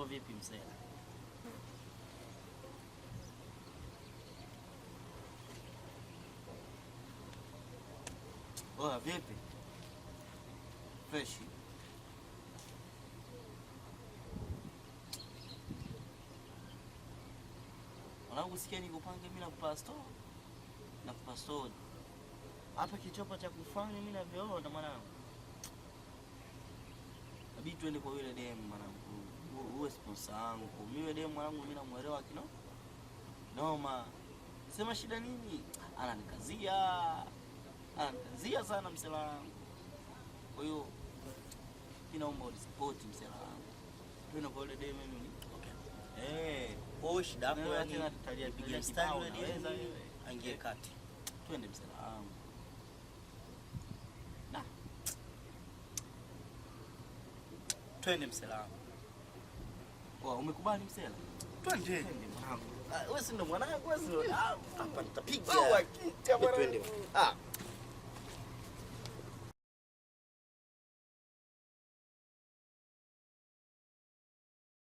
Mambo vipi msela? Oa, vipi? Fresh. Mwanangu, sikia nikupange mimi na kupasto na kupastori hapa kichopa cha kufanya mimi na vyoona mwanangu, abidi tuende kwa yule demu mwanangu uwe sponsor wangu. Mimi demu wangu, mimi namuelewa kino noma. Sema shida nini? Ananikazia, ananikazia sana msela wangu. Kwa hiyo inaomba unisapoti msela wangu. Tuna kwa ile demu mimi. Okay. Eh, kwa shida yako yani tutalia pigia kibao naweza wewe. Angie eh. kati. Twende msela wangu. Twende msela wangu umekubali msela? Twende. Twende mwanangu. Ah, wewe si ndo mwanangu, wewe si ndo. Tutapigwa. Ah, Twende. Ah.